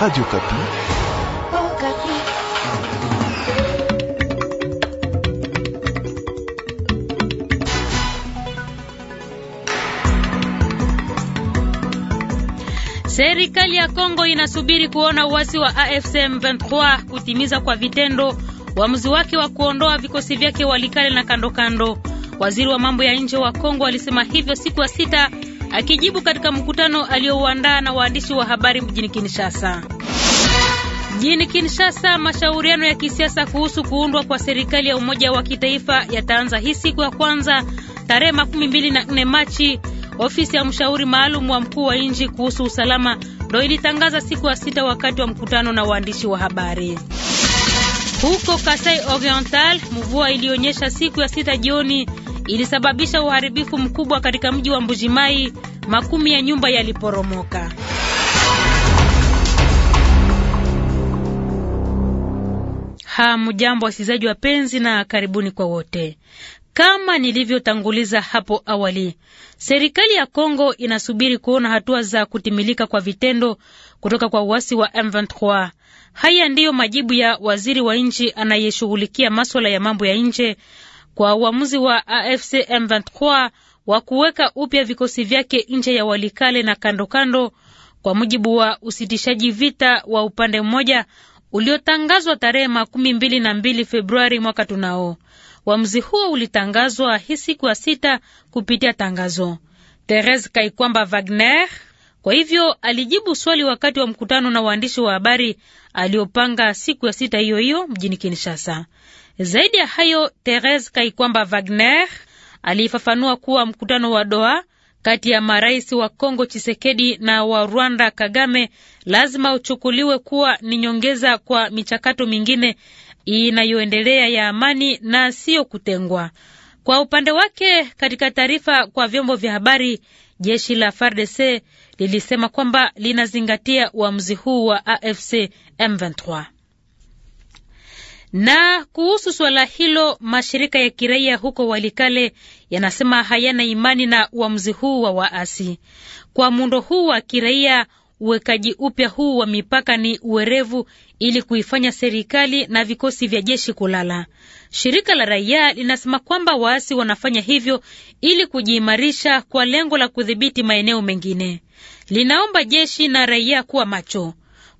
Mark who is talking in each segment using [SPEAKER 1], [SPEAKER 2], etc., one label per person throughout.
[SPEAKER 1] Radio Kapi. Oh, Kapi. Serikali ya Kongo inasubiri kuona uasi wa AFC M23 kutimiza kwa vitendo uamuzi wake wa kuondoa vikosi vyake Walikale na kandokando. Waziri wa mambo ya nje wa Kongo alisema hivyo siku ya sita akijibu katika mkutano aliyouandaa na waandishi wa habari mjini Kinshasa. Mjini Kinshasa, mashauriano ya kisiasa kuhusu kuundwa kwa serikali ya umoja wa kitaifa yataanza hii siku ya kwanza tarehe makumi mbili na nne Machi. Ofisi ya mshauri maalum wa mkuu wa nchi kuhusu usalama ndo ilitangaza siku ya sita wakati wa mkutano na waandishi wa habari. Huko Kasai Oriental, mvua ilionyesha siku ya sita jioni ilisababisha uharibifu mkubwa katika mji wa Mbujimai. Makumi ya nyumba yaliporomoka. Hamjambo wasikilizaji wapenzi, na karibuni kwa wote. Kama nilivyotanguliza hapo awali, serikali ya Kongo inasubiri kuona hatua za kutimilika kwa vitendo kutoka kwa uasi wa M23. Haya ndiyo majibu ya waziri wa nchi anayeshughulikia maswala ya mambo ya nje kwa uamuzi wa AFC M23 wa kuweka upya vikosi vyake nje ya Walikale na kandokando kando, kwa mujibu wa usitishaji vita wa upande mmoja uliotangazwa tarehe makumi mbili na mbili Februari mwaka tunao. Uamuzi huo ulitangazwa hii siku ya sita kupitia tangazo. Therese Kaikwamba Wagner kwa hivyo alijibu swali wakati wa mkutano na waandishi wa habari aliopanga siku ya sita hiyo hiyo mjini Kinshasa. Zaidi ya hayo, Therese Kaikwamba Wagner alifafanua kuwa mkutano wa Doha kati ya marais wa Kongo Chisekedi na wa Rwanda Kagame lazima uchukuliwe kuwa ni nyongeza kwa michakato mingine inayoendelea ya amani na siyo kutengwa. Kwa upande wake, katika taarifa kwa vyombo vya habari, jeshi la FARDC lilisema kwamba linazingatia uamuzi huu wa AFC M23. Na kuhusu suala hilo, mashirika ya kiraia huko Walikale yanasema hayana imani na uamuzi huu wa waasi. Kwa muundo huu wa kiraia, uwekaji upya huu wa mipaka ni uwerevu ili kuifanya serikali na vikosi vya jeshi kulala. Shirika la raia linasema kwamba waasi wanafanya hivyo ili kujiimarisha kwa lengo la kudhibiti maeneo mengine. Linaomba jeshi na raia kuwa macho.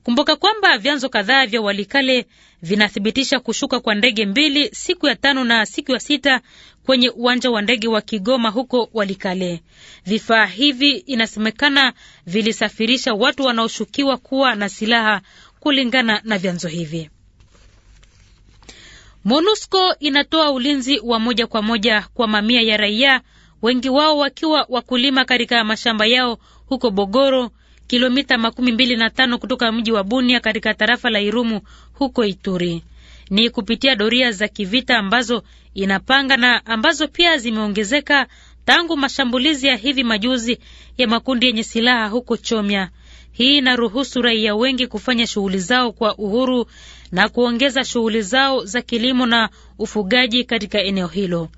[SPEAKER 1] Kumbuka kwamba vyanzo kadhaa vya Walikale vinathibitisha kushuka kwa ndege mbili siku ya tano na siku ya sita kwenye uwanja wa ndege wa Kigoma huko Walikale. Vifaa hivi inasemekana vilisafirisha watu wanaoshukiwa kuwa na silaha kulingana na vyanzo hivi. MONUSCO inatoa ulinzi wa moja kwa moja kwa mamia ya raia, wengi wao wakiwa wakulima katika mashamba yao huko Bogoro kilomita makumi mbili na tano kutoka mji wa Bunia katika tarafa la Irumu huko Ituri. Ni kupitia doria za kivita ambazo inapanga na ambazo pia zimeongezeka tangu mashambulizi ya hivi majuzi ya makundi yenye silaha huko Chomya. Hii inaruhusu raia wengi kufanya shughuli zao kwa uhuru na kuongeza shughuli zao za kilimo na ufugaji katika eneo hilo.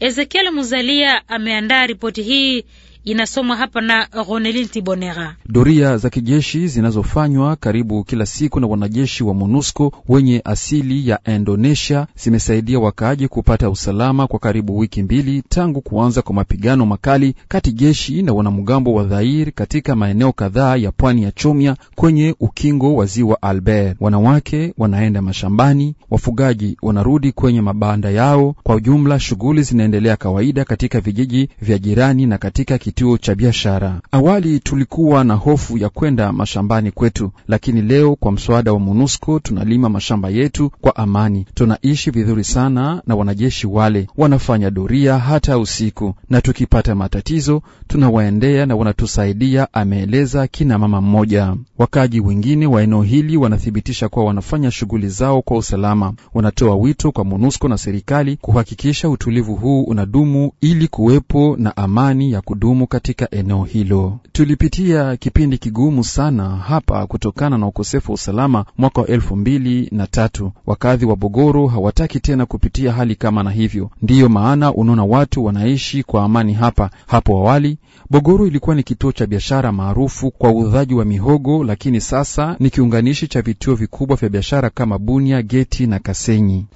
[SPEAKER 1] Ezekiel Muzalia ameandaa ripoti hii inasomwa hapa na Ronelin Tibonera.
[SPEAKER 2] Doria za kijeshi zinazofanywa karibu kila siku na wanajeshi wa MONUSCO wenye asili ya Indonesia zimesaidia wakaaji kupata usalama kwa karibu wiki mbili tangu kuanza kwa mapigano makali kati jeshi na wanamgambo wa Dhair katika maeneo kadhaa ya pwani ya chomia kwenye ukingo wa ziwa Albert. Wanawake wanaenda mashambani, wafugaji wanarudi kwenye mabanda yao. Kwa ujumla, shughuli zinaendelea kawaida katika vijiji vya jirani na katika kituo cha biashara. Awali tulikuwa na hofu ya kwenda mashambani kwetu, lakini leo kwa mswada wa MONUSCO tunalima mashamba yetu kwa amani. Tunaishi vizuri sana na wanajeshi wale, wanafanya doria hata usiku, na tukipata matatizo tunawaendea na wanatusaidia, ameeleza kina mama mmoja. Wakaaji wengine wa eneo hili wanathibitisha kuwa wanafanya shughuli zao kwa usalama. Wanatoa wito kwa MONUSCO na serikali kuhakikisha utulivu huu unadumu ili kuwepo na amani ya kudumu katika eneo hilo. Tulipitia kipindi kigumu sana hapa kutokana na ukosefu wa usalama mwaka wa elfu mbili na tatu. Wakadhi wa Bogoro hawataki tena kupitia hali kama na hivyo, ndiyo maana unaona watu wanaishi kwa amani hapa. Hapo awali Bogoro ilikuwa ni kituo cha biashara maarufu kwa uudhaji wa mihogo, lakini sasa ni kiunganishi cha vituo vikubwa vya biashara kama Bunia, Geti na Kasenyi.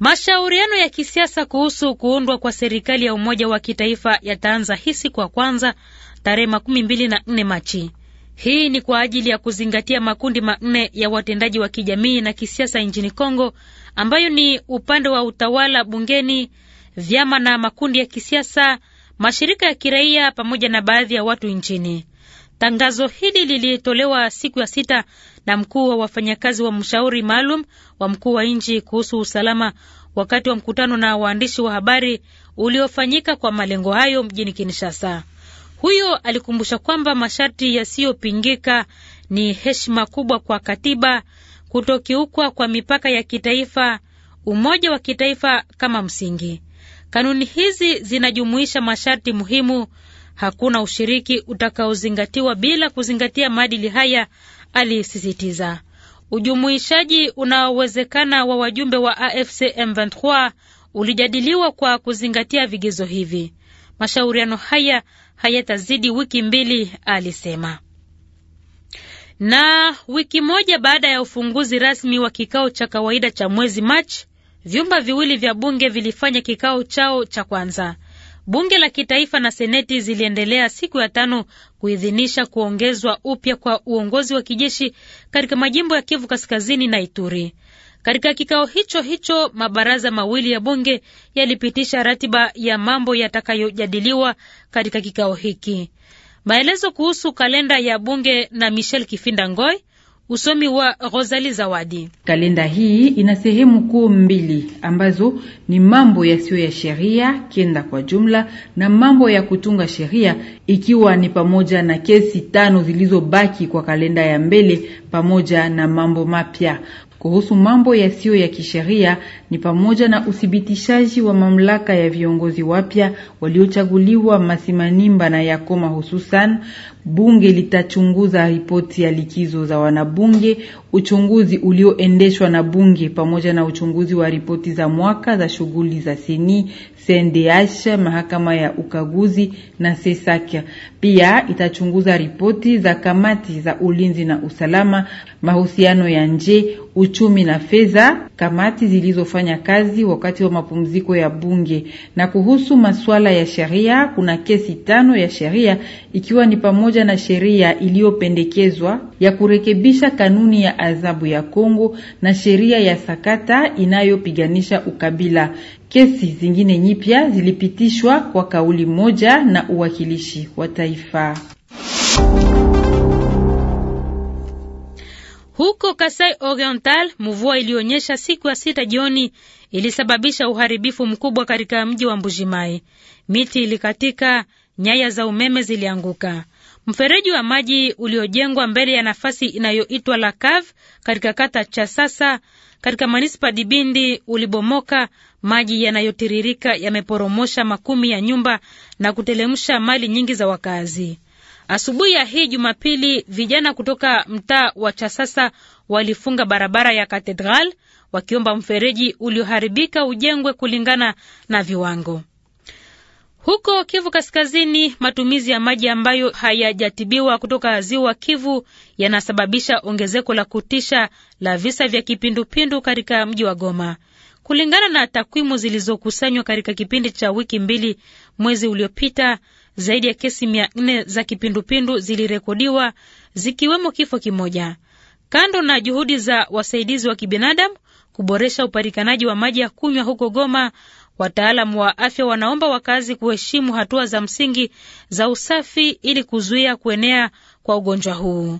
[SPEAKER 1] Mashauriano ya kisiasa kuhusu kuundwa kwa serikali ya umoja wa kitaifa yataanza hisi kwa kwanza tarehe makumi mbili na nne Machi. Hii ni kwa ajili ya kuzingatia makundi manne ya watendaji wa kijamii na kisiasa nchini Kongo, ambayo ni upande wa utawala bungeni, vyama na makundi ya kisiasa, mashirika ya kiraia pamoja na baadhi ya watu nchini. Tangazo hili lilitolewa siku ya sita na mkuu wa wafanyakazi wa mshauri maalum wa mkuu wa nchi kuhusu usalama wakati wa mkutano na waandishi wa habari uliofanyika kwa malengo hayo mjini Kinshasa. Huyo alikumbusha kwamba masharti yasiyopingika ni heshima kubwa kwa katiba, kutokiukwa kwa mipaka ya kitaifa, umoja wa kitaifa kama msingi. Kanuni hizi zinajumuisha masharti muhimu Hakuna ushiriki utakaozingatiwa bila kuzingatia maadili haya, alisisitiza. Ujumuishaji unaowezekana wa wajumbe wa AFC M23 ulijadiliwa kwa kuzingatia vigezo hivi. Mashauriano haya hayatazidi wiki mbili, alisema. Na wiki moja baada ya ufunguzi rasmi wa kikao cha kawaida cha mwezi Machi, vyumba viwili vya bunge vilifanya kikao chao cha kwanza. Bunge la kitaifa na seneti ziliendelea siku ya tano kuidhinisha kuongezwa upya kwa uongozi wa kijeshi katika majimbo ya Kivu Kaskazini na Ituri. Katika kikao hicho hicho, mabaraza mawili ya bunge yalipitisha ratiba ya mambo yatakayojadiliwa katika kikao hiki. Maelezo kuhusu kalenda ya bunge na Michel Kifinda Ngoi Usomi wa Rosali Zawadi.
[SPEAKER 3] Kalenda hii ina sehemu kuu mbili ambazo ni mambo yasiyo ya sheria kenda kwa jumla na mambo ya kutunga sheria, ikiwa ni pamoja na kesi tano zilizobaki kwa kalenda ya mbele pamoja na mambo mapya kuhusu mambo yasiyo ya kisheria ni pamoja na uthibitishaji wa mamlaka ya viongozi wapya waliochaguliwa Masimanimba na Yakoma. Hususan, bunge litachunguza ripoti ya likizo za wanabunge, uchunguzi ulioendeshwa na bunge pamoja na uchunguzi wa ripoti za mwaka za shughuli za seni CNDH, mahakama ya ukaguzi na Sesakia. Pia itachunguza ripoti za kamati za ulinzi na usalama, mahusiano ya nje, uchumi na fedha, kamati zilizofanya kazi wakati wa mapumziko ya bunge. Na kuhusu masuala ya sheria, kuna kesi tano ya sheria, ikiwa ni pamoja na sheria iliyopendekezwa ya kurekebisha kanuni ya adhabu ya Kongo na sheria ya sakata inayopiganisha ukabila. Kesi zingine nyipya zilipitishwa kwa kauli moja na uwakilishi wa taifa.
[SPEAKER 1] Huko Kasai Oriental, mvua iliyoonyesha siku ya sita jioni ilisababisha uharibifu mkubwa katika mji wa mbujimai Miti ilikatika, nyaya za umeme zilianguka. Mfereji wa maji uliojengwa mbele ya nafasi inayoitwa La Cave katika kata cha sasa katika manispa Dibindi ulibomoka Maji yanayotiririka yameporomosha makumi ya nyumba na kutelemsha mali nyingi za wakazi. Asubuhi ya hii Jumapili, vijana kutoka mtaa wa Chasasa walifunga barabara ya Katedral wakiomba mfereji ulioharibika ujengwe kulingana na viwango. Huko Kivu Kaskazini, matumizi ya maji ambayo hayajatibiwa kutoka ziwa Kivu yanasababisha ongezeko la kutisha la visa vya kipindupindu katika mji wa Goma. Kulingana na takwimu zilizokusanywa katika kipindi cha wiki mbili mwezi uliopita, zaidi ya kesi mia nne za kipindupindu zilirekodiwa zikiwemo kifo kimoja. Kando na juhudi za wasaidizi wa kibinadamu kuboresha upatikanaji wa maji ya kunywa huko Goma, wataalamu wa afya wanaomba wakazi kuheshimu hatua za msingi za usafi ili kuzuia kuenea kwa ugonjwa huu.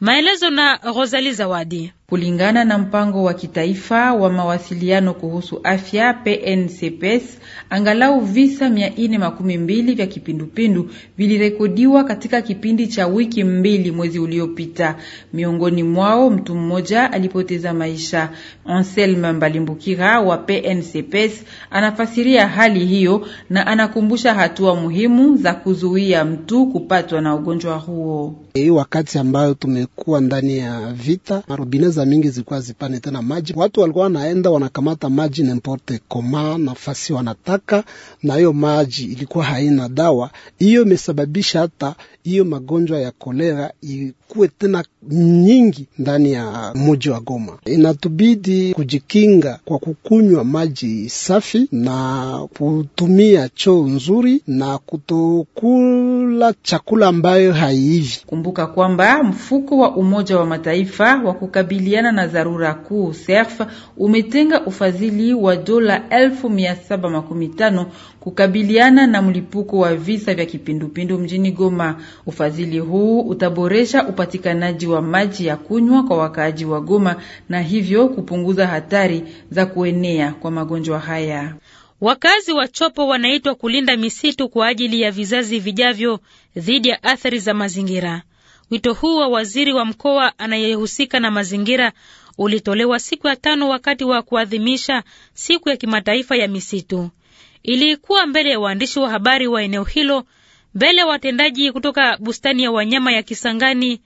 [SPEAKER 1] Maelezo na Rosali Zawadi.
[SPEAKER 3] Kulingana na mpango wa kitaifa wa mawasiliano kuhusu afya PNCPS, angalau visa 412 vya kipindupindu vilirekodiwa katika kipindi cha wiki mbili mwezi uliopita. Miongoni mwao mtu mmoja alipoteza maisha. Anselme Mbalimbukira wa PNCPS anafasiria hali hiyo na anakumbusha hatua muhimu za kuzuia mtu kupatwa na ugonjwa huo.
[SPEAKER 4] Hii wakati ambayo tumekuwa ndani ya vita Marubine magereza mingi zilikuwa zipane tena maji, watu walikuwa wanaenda wanakamata maji nimporte koma nafasi wanataka, na hiyo maji ilikuwa haina dawa. Hiyo imesababisha hata hiyo magonjwa ya kolera ikuwe tena nyingi ndani ya muji wa Goma. Inatubidi kujikinga kwa kukunywa maji safi
[SPEAKER 3] na kutumia choo nzuri na kutokula chakula ambayo haiivi. Kumbuka kwamba mfuko wa Umoja wa Mataifa wa kukabili kukabiliana na dharura kuu SERF umetenga ufadhili wa dola elfu mia saba makumi tano kukabiliana na mlipuko wa visa vya kipindupindu mjini Goma. Ufadhili huu utaboresha upatikanaji wa maji ya kunywa kwa wakaaji wa Goma na hivyo kupunguza hatari za kuenea kwa magonjwa haya.
[SPEAKER 1] Wakazi wa Chopo wanaitwa kulinda misitu kwa ajili ya vizazi vijavyo dhidi ya athari za mazingira. Wito huu wa waziri wa mkoa anayehusika na mazingira ulitolewa siku ya tano wakati wa kuadhimisha siku ya kimataifa ya misitu. Ilikuwa mbele ya waandishi wa habari wa eneo hilo, mbele ya watendaji kutoka bustani ya wanyama ya Kisangani,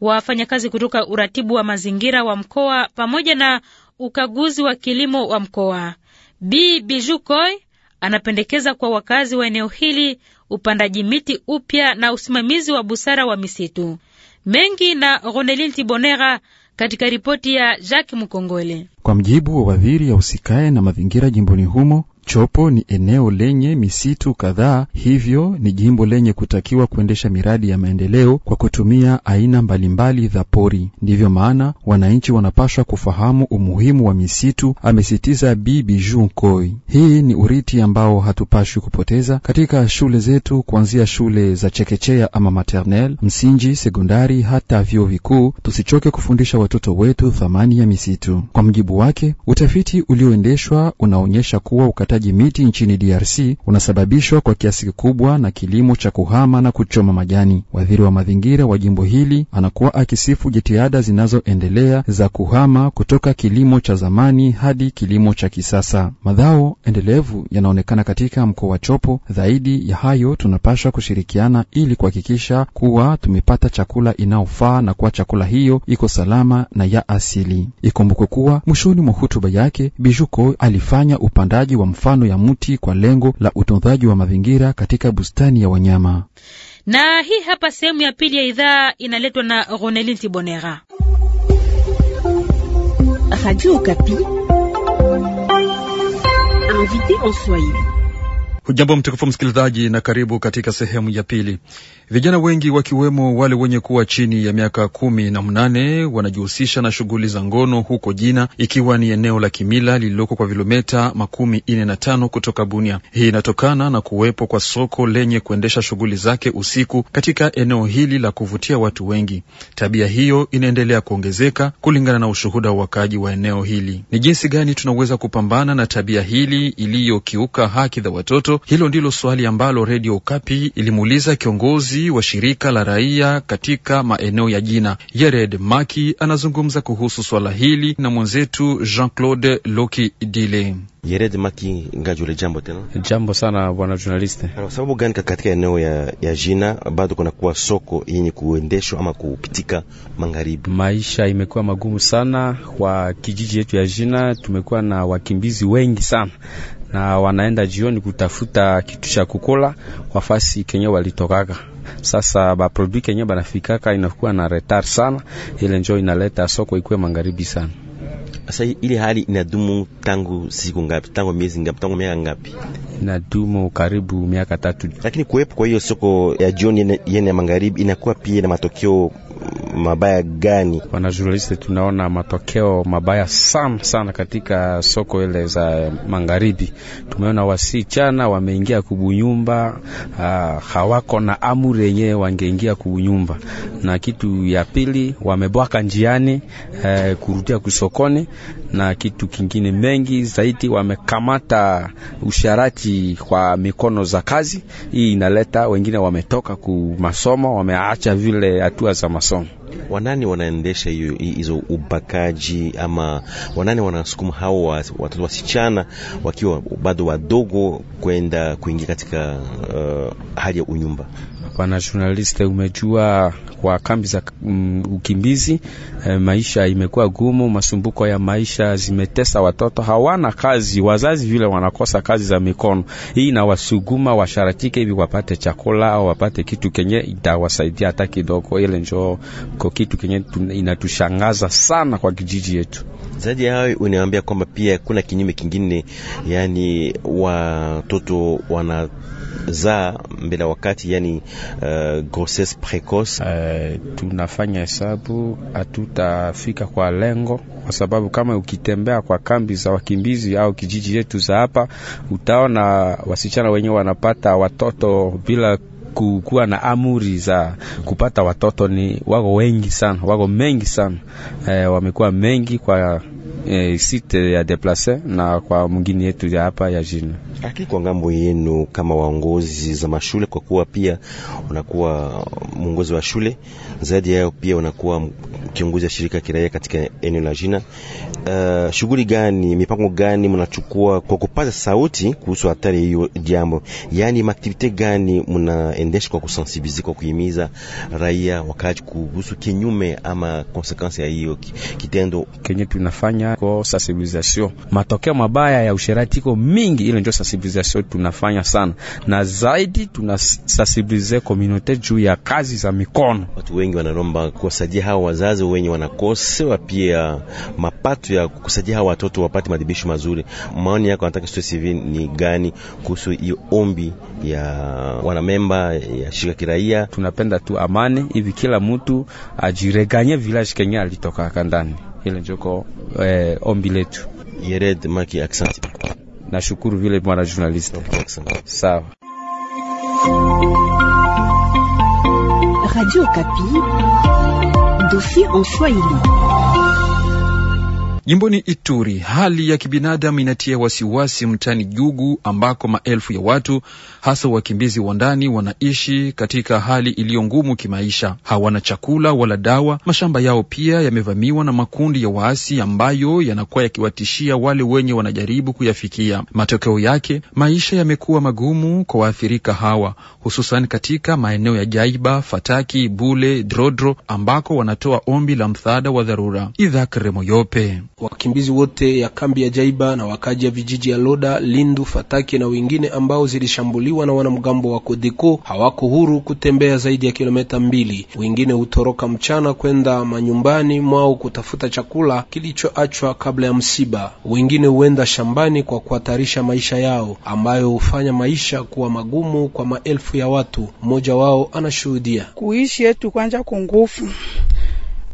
[SPEAKER 1] wafanyakazi kutoka uratibu wa mazingira wa mkoa pamoja na ukaguzi wa kilimo wa mkoa. Bi Bijukoi Anapendekeza kwa wakazi wa eneo hili upandaji miti upya na usimamizi wa busara wa misitu. Mengi na Ronelin Tibonera katika ripoti ya Jacques Mukongole.
[SPEAKER 2] Kwa mjibu wa wadhiri ya usikae na mazingira jimboni humo, Chopo ni eneo lenye misitu kadhaa, hivyo ni jimbo lenye kutakiwa kuendesha miradi ya maendeleo kwa kutumia aina mbalimbali za pori. Ndivyo maana wananchi wanapaswa kufahamu umuhimu wa misitu, amesitiza Bibi Junkoi. Hii ni uriti ambao hatupashwi kupoteza katika shule zetu, kuanzia shule za chekechea ama maternel, msingi, sekondari, hata vyuo vikuu. Tusichoke kufundisha watoto wetu thamani ya misitu. Kwa mjibu wake, utafiti ulioendeshwa unaonyesha kuwa ukataji ukataji miti nchini DRC unasababishwa kwa kiasi kikubwa na kilimo cha kuhama na kuchoma majani. Waziri wa mazingira wa jimbo hili anakuwa akisifu jitihada zinazoendelea za kuhama kutoka kilimo cha zamani hadi kilimo cha kisasa. Madhao endelevu yanaonekana katika mkoa wa Chopo. Zaidi ya hayo, tunapaswa kushirikiana ili kuhakikisha kuwa tumepata chakula inayofaa na kuwa chakula hiyo iko salama na ya asili. Ikumbukwe kuwa mwishoni mwa hotuba yake Bijuko alifanya upandaji wa mf mifano ya mti kwa lengo la utunzaji wa mazingira katika bustani ya wanyama.
[SPEAKER 1] Na hii hapa sehemu ya pili ya idhaa inaletwa na Ronelin Tibonera,
[SPEAKER 3] Radio Okapi, invité en Swahili.
[SPEAKER 2] Hujambo mtukufu msikilizaji, na karibu katika sehemu ya pili. Vijana wengi wakiwemo wale wenye kuwa chini ya miaka kumi na mnane wanajihusisha na shughuli za ngono huko Jina, ikiwa ni eneo la kimila lililoko kwa vilometa makumi nne na tano kutoka Bunia. Hii inatokana na kuwepo kwa soko lenye kuendesha shughuli zake usiku katika eneo hili la kuvutia watu wengi. Tabia hiyo inaendelea kuongezeka kulingana na ushuhuda wa wakaaji wa eneo hili. Ni jinsi gani tunaweza kupambana na tabia hili iliyokiuka haki za watoto mazito? Hilo ndilo swali ambalo Redio Okapi ilimuuliza kiongozi wa shirika la raia katika maeneo ya Jina. Yered Maki anazungumza kuhusu swala hili na mwenzetu Jean Claude Loki Dile.
[SPEAKER 5] Yered Maki Ngajule, jambo tena. Jambo sana bwana journaliste. Sababu gani katika eneo ya, ya Jina bado kunakuwa soko yenye kuendeshwa ama kupitika magharibi? Maisha imekuwa magumu
[SPEAKER 6] sana kwa kijiji yetu ya Jina, tumekuwa na wakimbizi wengi sana na wanaenda jioni kutafuta kitu cha kukola wafasi kenye walitokaka. Sasa baproduit kenye banafikaka inakuwa na retar sana, ile njo inaleta soko ikuwe
[SPEAKER 5] magharibi sana. Sasa ile hali inadumu tangu siku ngapi? Tangu miezi ngapi? Tangu miaka ngapi? Inadumu karibu miaka tatu. Lakini kuwepo kwa hiyo soko ya jioni yene ya magharibi inakuwa pia na matokeo mabaya gani? Wana journaliste, tunaona
[SPEAKER 6] matokeo mabaya sana sana katika soko ile za magharibi. Tumeona wasichana wameingia kubunyumba, uh, hawako na amri yenye wangeingia kubunyumba. Na kitu ya pili wamebwaka njiani, uh, kurudia kusokoni, na kitu kingine mengi zaidi wamekamata usharati kwa mikono za kazi. Hii inaleta wengine wametoka ku
[SPEAKER 5] masomo, wameacha vile hatua za masomo wanani wanaendesha hiyo hizo ubakaji ama wanani wanasukuma hao watoto wasichana wakiwa bado wadogo kwenda kuingia katika uh, hali ya unyumba? kwa
[SPEAKER 6] nationaliste. Umejua, kwa kambi za mm, ukimbizi e, maisha imekuwa gumu, masumbuko ya maisha zimetesa watoto, hawana kazi, wazazi vile wanakosa kazi za mikono. Hii inawasuguma washaratike hivi wapate chakula au wapate kitu kenye itawasaidia hata kidogo. Ile njo ko kitu kenye inatushangaza sana
[SPEAKER 5] kwa kijiji yetu. Zaidi ya hayo, uniambia kwamba pia kuna kinyume kingine, yani watoto wana za mbele wakati, yani uh, grossesse precoce. Uh, eh, tunafanya hesabu hatutafika kwa
[SPEAKER 6] lengo, kwa sababu kama ukitembea kwa kambi za wakimbizi au kijiji yetu za hapa, utaona wasichana wenye wanapata watoto bila kukuwa na amuri za kupata watoto. Ni wako wengi sana, wako mengi sana, e, wamekuwa mengi kwa e, site ya deplase na kwa mwingine yetu ya hapa ya jina
[SPEAKER 5] aki kwa ngambo yenu kama waongozi za mashule, kwa kuwa pia unakuwa mwongozi wa shule, zaidi yao pia unakuwa kiongozi wa shirika kiraia katika eneo la jina. Uh, eh, shughuli gani, mipango gani mnachukua kwa kupaza sauti kuhusu hatari hiyo jambo? Yaani maaktivite gani mnaendesha kwa kusensibiliza, kwa kuhimiza raia wakati kuhusu kinyume ama konsekansi ya hiyo kitendo kenye tunafanya tunafanya kwa sensibilisation. Matokeo mabaya ya usherati iko mingi, ile
[SPEAKER 6] ndio sensibilisation tunafanya sana, na zaidi tuna sensibilize community juu
[SPEAKER 5] ya kazi za mikono. Watu wengi wanaomba kuwasaidia hao wazazi wenye wanakosewa pia mapato ya kusaidia hao watoto wapate madhibisho mazuri. Maoni yako nataka CV ni gani kuhusu hiyo ombi ya wanamemba ya shirika kiraia? Tunapenda tu amani hivi, kila mtu ajireganye village Kenya alitoka kandani
[SPEAKER 6] ile njoko eh, ombi letu. Yered Maki accent. Nashukuru vile mwana journalist. Sawa.
[SPEAKER 3] Radio Kapi. Dossier en Swahili.
[SPEAKER 2] Jimboni Ituri, hali ya kibinadamu inatia wasiwasi mtani Jugu, ambako maelfu ya watu hasa wakimbizi wa ndani wanaishi katika hali iliyo ngumu kimaisha. Hawana chakula wala dawa. Mashamba yao pia yamevamiwa na makundi ya waasi ambayo yanakuwa yakiwatishia wale wenye wanajaribu kuyafikia. Matokeo yake maisha yamekuwa magumu kwa waathirika hawa, hususan katika maeneo ya Jaiba, Fataki, Bule, Drodro ambako wanatoa ombi la msaada wa dharura. Idhak
[SPEAKER 4] wakimbizi wote ya kambi ya Jaiba na wakaji ya vijiji ya Loda, Lindu, Fataki na wengine ambao zilishambuliwa na wanamgambo wa Kodeko hawako huru kutembea zaidi ya kilomita mbili. Wengine hutoroka mchana kwenda manyumbani mwao kutafuta chakula kilichoachwa kabla ya msiba. Wengine huenda shambani kwa kuhatarisha maisha yao, ambayo hufanya maisha kuwa magumu kwa maelfu ya watu. Mmoja wao anashuhudia
[SPEAKER 1] kuishi yetu kwanja kungufu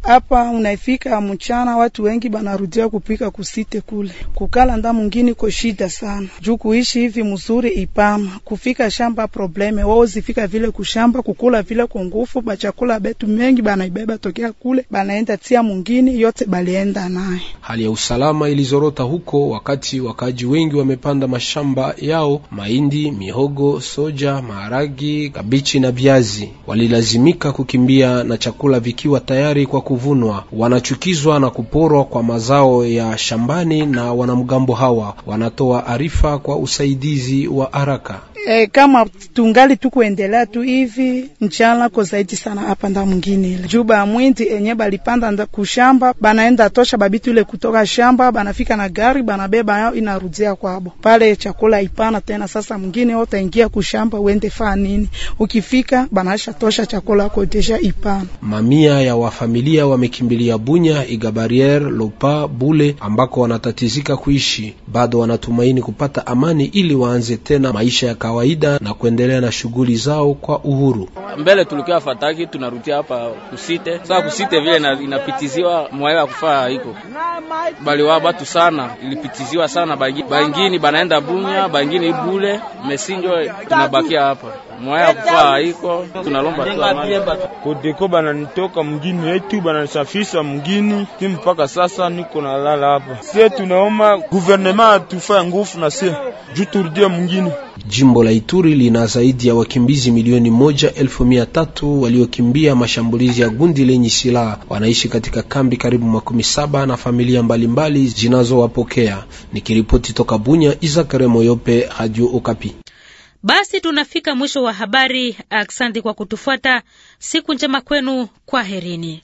[SPEAKER 1] hapa unaifika mchana, watu wengi banarudia kupika kusite kule kukala nda mungini ko shida sana, juu kuishi hivi mzuri ipama kufika shamba probleme wao zifika vile kushamba kukula vile kwa nguvu, bachakula betu mengi banaibeba tokea kule banaenda tia mungini yote balienda naye
[SPEAKER 4] Hali ya usalama ilizorota huko, wakati wakaaji wengi wamepanda mashamba yao, mahindi, mihogo, soja, maharagi, kabichi na viazi. Walilazimika kukimbia na chakula vikiwa tayari kwa kuvunwa. Wanachukizwa na kuporwa kwa mazao ya shambani, na wanamgambo hawa wanatoa arifa kwa usaidizi wa haraka.
[SPEAKER 1] E, kama tungali tukuendelea tu hivi njala ko zaidi sana hapa nda mwingine ile juba mwindi enye balipanda nda kushamba banaenda tosha babitu ile kutoka shamba banafika na gari banabeba yao inarudia kwabo pale, chakula ipana tena. Sasa mwingine wote ingia kushamba uende faa nini, ukifika banaisha tosha chakula yako deja ipana.
[SPEAKER 4] Mamia ya wafamilia wamekimbilia Bunya, Igabariere, Lopa, Bule ambako wanatatizika kuishi, bado wanatumaini kupata amani ili waanze tena maisha ya kawaida na kuendelea na shughuli zao kwa uhuru. Mbele tulikuwa
[SPEAKER 6] fataki tunarutia hapa kusite saa kusite vile inapitiziwa mwae ya kufaa iko baliwa batu sana ilipitiziwa sana baingini bangini banaenda Bunya bangini Bule Mesinjo tunabakia hapa mwaya kufaa haiko, tunalomba tu amani. Kodeko nitoka mgini yetu bananisafisha mgini ti mpaka sasa niko nalala hapa. Sie tunaomba guvernema ya ngufu na sie juu turudie mgini.
[SPEAKER 4] Jimbo la Ituri lina zaidi ya wakimbizi milioni moja elfu mia tatu waliokimbia mashambulizi ya gundi lenye silaha. Wanaishi katika kambi karibu makumi saba na familia mbalimbali zinazowapokea. Nikiripoti toka Bunya, Izakare Moyope, Radio Okapi.
[SPEAKER 1] Basi tunafika mwisho wa habari. Asante kwa kutufuata. Siku njema kwenu, kwaherini.